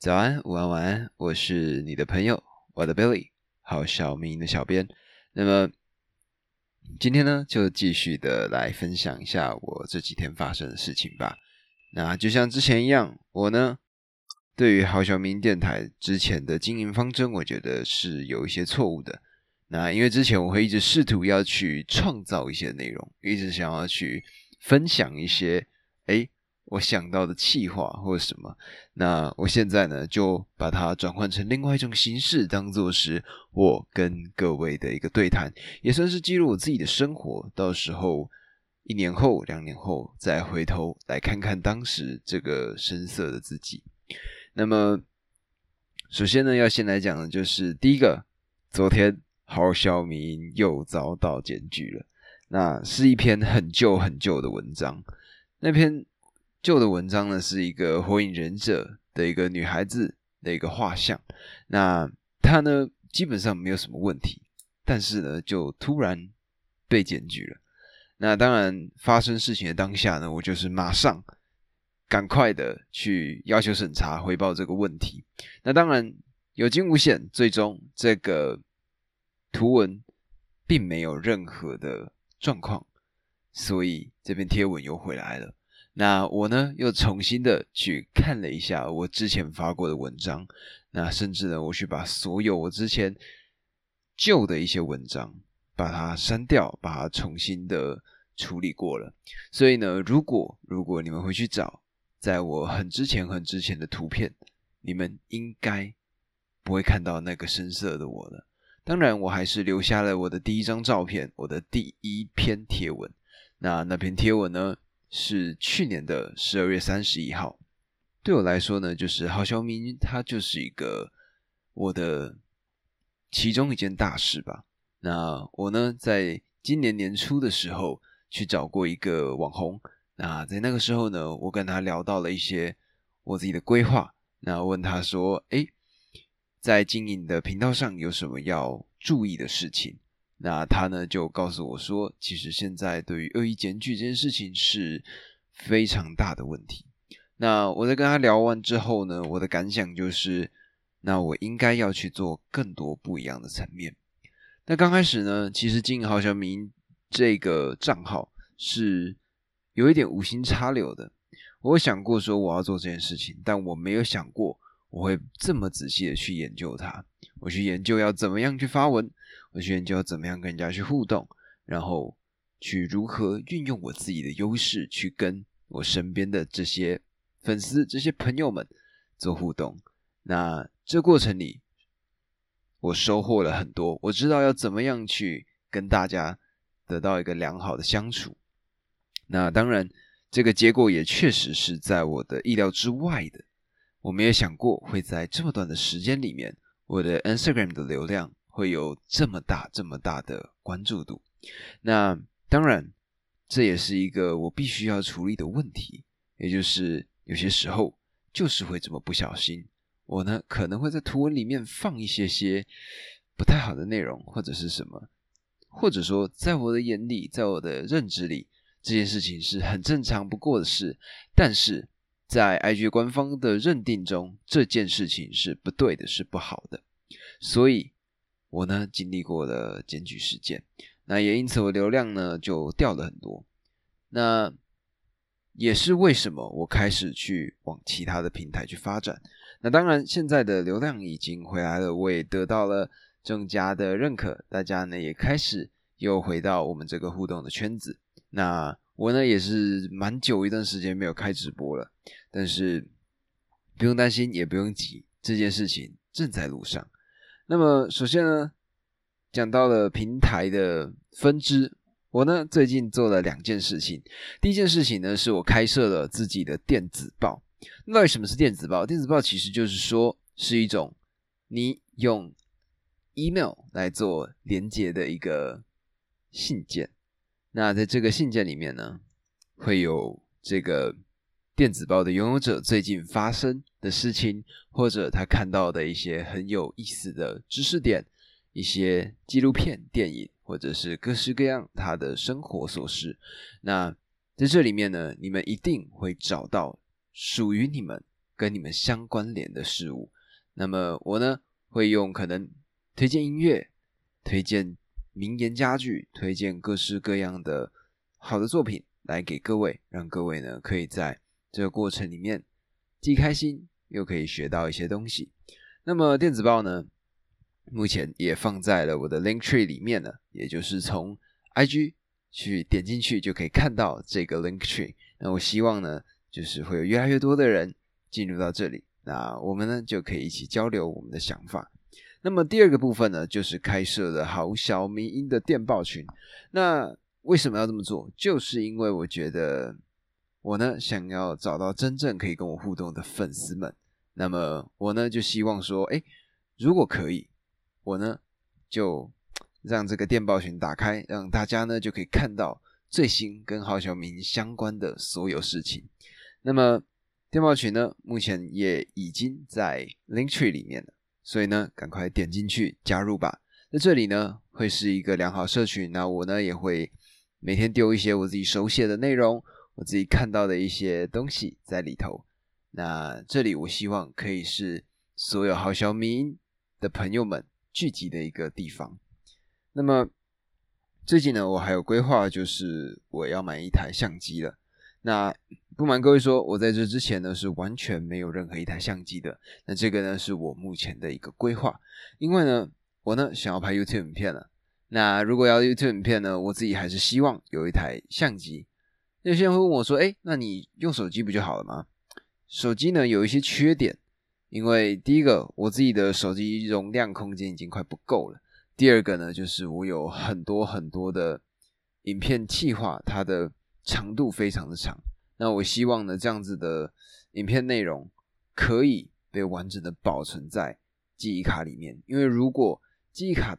早安，午安，晚安，我是你的朋友，我的 Billy，好小明的小編。那麼今天呢，就繼續的來分享一下我這幾天發生的事情吧。那就像之前一樣，我呢，對於好小明電台之前的經營方針，我覺得是有一些錯誤的。那因為之前我會一直試圖要去創造一些內容，一直想要去分享一些，誒、欸我想到的氣話或者什麼，那我現在呢就把它轉換成另外一種形式，當做是我跟各位的一個對談，也算是記錄我自己的生活。到時候一年後、兩年後再回頭來看看當時這個深色的自己。那麼，首先呢要先來講的就是第一個，昨天豪洨迷因又遭到檢舉了。那是一篇很舊很舊的文章，那篇。舊的文章呢，是一個《火影忍者》的一個女孩子的一個畫像，那她呢基本上沒有什麼問題，但是呢就突然被檢舉了。那當然，發生事情的當下呢，我就是馬上趕快的去要求審查回報這個問題。那當然有驚無險，最終這個圖文並沒有任何的狀況，所以這篇貼文又回來了。那我呢，又重新的去看了一下我之前發過的文章，那甚至呢，我去把所有我之前舊的一些文章把它刪掉，把它重新的處理過了。所以呢，如果如果你們回去找在我很之前很之前的圖片，你們應該不會看到那個深色的我了。當然，我還是留下了我的第一張照片，我的第一篇貼文。那那篇貼文呢？是去年的十二月三十一號，對我來說呢，就是豪洨迷因他就是一個我的其中一件大事吧。那我呢，在今年年初的時候去找過一個網紅，那在那個時候呢，我跟他聊到了一些我自己的規劃，那問他說：“哎，在經營的頻道上有什麼要注意的事情？”那他呢，就告訴我說，其實現在對於惡意檢舉這件事情是非常大的問題。那我在跟他聊完之後呢，我的感想就是，那我應該要去做更多不一樣的層面。那剛開始呢，其實經營豪洨迷因這個賬號是有一點無心插柳的。我想過說我要做這件事情，但我沒有想過我會這麼仔細的去研究它，我去研究要怎麼樣去發文。我需要研究怎麼樣跟人家去互動，然後去如何運用我自己的優勢去跟我身邊的這些粉絲、這些朋友們做互動。那這過程裡，我收穫了很多，我知道要怎麼樣去跟大家得到一個良好的相處。那當然，這個結果也確實是在我的意料之外的。我沒有想過會在這麼短的時間裡面，我的 Instagram 的流量。會有這麼大這麼大的關注度，那當然這也是一個我必須要處理的問題，也就是有些時候就是會這麼不小心，我呢可能會在圖文裡面放一些些不太好的內容或者是什麼，或者說在我的眼裡，在我的認知裡這件事情是很正常不過的事，但是在 IG 官方的認定中這件事情是不對的，是不好的，所以。我呢經歷過了檢舉事件，那也因此我流量呢就掉了很多。那也是為什麼我開始去往其他的平台去發展。那當然現在的流量已經回來了，我也得到了增加的認可。大家呢也開始又回到我們這個互動的圈子。那我呢也是蠻久一段時間沒有開直播了，但是不用擔心，也不用急，這件事情正在路上。那麼首先呢，講到了平台的分支。我呢最近做了兩件事情。第一件事情呢，是我開設了自己的電子報。那為什麼是電子報？電子報其實就是說是一種你用 email 來做連接的一個信件。那在這個信件裡面呢，會有這個。電子報的擁有者最近發生的事情，或者他看到的一些很有意思的知識點，一些紀錄片、電影，或者是各式各樣他的生活瑣事。那在這裡面呢，你們一定會找到屬於你們跟你們相關聯的事物。那麼我呢，會用可能推薦音樂、推薦名言佳句、推薦各式各樣的好的作品來給各位，讓各位呢可以在。這個過程裡面既開心又可以學到一些東西。那麼電子報呢，目前也放在了我的 link tree 裡面了，也就是從 IG 去點進去就可以看到這個 link tree。那我希望呢，就是會有越來越多的人進入到這裡，那我們呢就可以一起交流我們的想法。那麼第二個部分呢，就是開設了豪洨迷因的電報群。那為什麼要這麼做？就是因為我覺得。我呢想要找到真正可以跟我互動的粉絲們，那麼我呢就希望說，誒、欸，如果可以，我呢就讓這個電報群打開，讓大家呢就可以看到最新跟豪洨迷因相關的所有事情。那麼電報群呢目前也已經在 Linktree 裡面了，所以呢趕快點進去加入吧。那這裡呢會是一個良好社群，那我呢也會每天丟一些我自己手寫的內容。我自己看到的一些東西在裡頭，那這裡我希望可以是所有豪洨迷因的朋友們聚集的一個地方。那麼最近呢，我還有規劃，就是我要買一台相機了。那不瞞各位說，我在這之前呢是完全沒有任何一台相機的。那這個呢是我目前的一個規劃，因為呢我呢想要拍 YouTube 影片了。那如果要 YouTube 影片呢，我自己還是希望有一台相機。有些人會問我說：“欸，那你用手機不就好了嗎？手機呢有一些缺點，因為第一個，我自己的手機容量空間已經快不夠了，第二個呢，就是我有很多很多的影片企劃，它的長度非常的長。那我希望呢，這樣子的影片內容可以被完整的保存在記憶卡裡面，因為如果記憶卡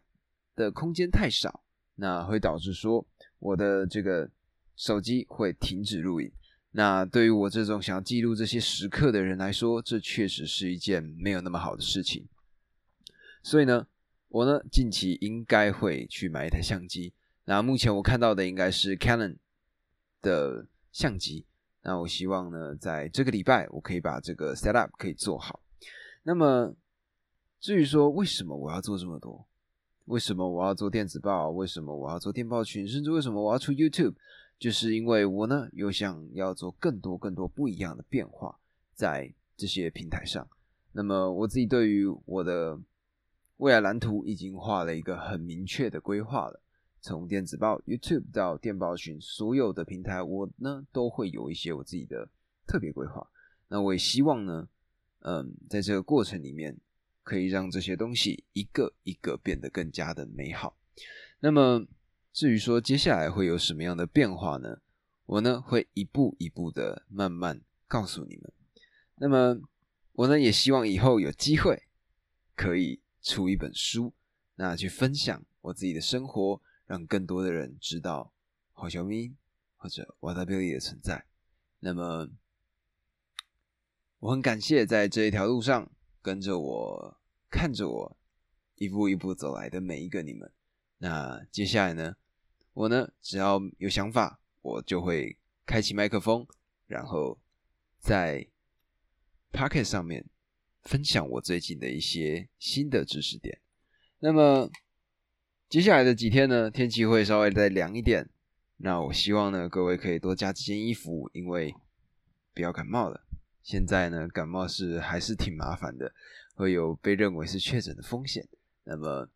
的空間太少，那會導致說我的這個。”手機會停止錄影，那對於我這種想要記錄這些時刻的人來說，這確實是一件沒有那麼好的事情。所以呢，我呢近期應該會去買一台相機。那目前我看到的應該是 Canon 的相機。那我希望呢，在這個禮拜，我可以把這個 setup 可以做好。那麼，至於說為什麼我要做這麼多？為什麼我要做電子報？為什麼我要做電報群？甚至為什麼我要出 YouTube？就是因為我呢，又想要做更多更多不一樣的變化，在這些平台上。那麼我自己對於我的未來藍圖已經畫了一個很明確的規劃了，從電子報、YouTube 到電報群，所有的平台我呢都會有一些我自己的特別規劃。那我也希望呢，嗯，在這個過程裡面，可以讓這些東西一個一個變得更加的美好。那麼。至於說接下來會有什麼樣的變化呢？我呢會一步一步的慢慢告訴你們。那麼我呢也希望以後有機會可以出一本書，那去分享我自己的生活，讓更多的人知道豪洨迷因或者 WWE 的存在。那麼我很感謝在這一條路上跟着我、看着我一步一步走來的每一個你們。那接下來呢？我呢，只要有想法，我就會開啟麥克風，然後在 Pocket 上面分享我最近的一些新的知識點。那麼接下來的幾天呢，天氣會稍微再涼一點，那我希望呢，各位可以多加幾件衣服，因為不要感冒了。現在呢，感冒是還是挺麻煩的，會有被認為是確診的風險。那麼。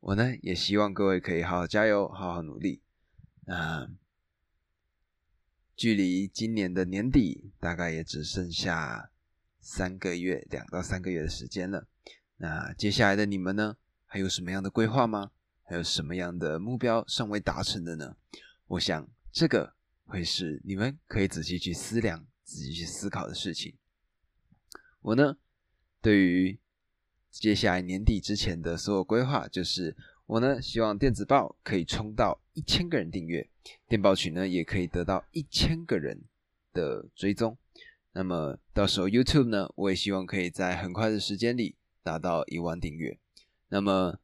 我呢，也希望各位可以好好加油，好好努力。那、呃、距離今年的年底，大概也只剩下三個月，兩到三個月的時間了。那接下來的你們呢，還有什麼樣的規劃嗎？還有什麼樣的目標尚未達成的呢？我想這個會是你們可以仔細去思量、仔細去思考的事情。我呢，對於。接下來年底之前的所有規劃，就是我呢，希望電子報可以衝到一千個人訂閱，電報群呢也可以得到一千個人的追蹤。那麼到時候 YouTube 呢，我也希望可以在很快的時間裡達到一萬訂閱。那麼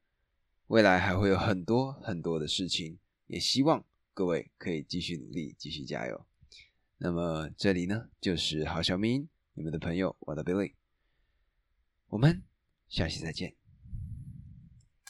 未來還會有很多很多的事情，也希望各位可以繼續努力，繼續加油。那麼這裡呢就是郝小明，你們的朋友，我的 Billy，我們。下期再見。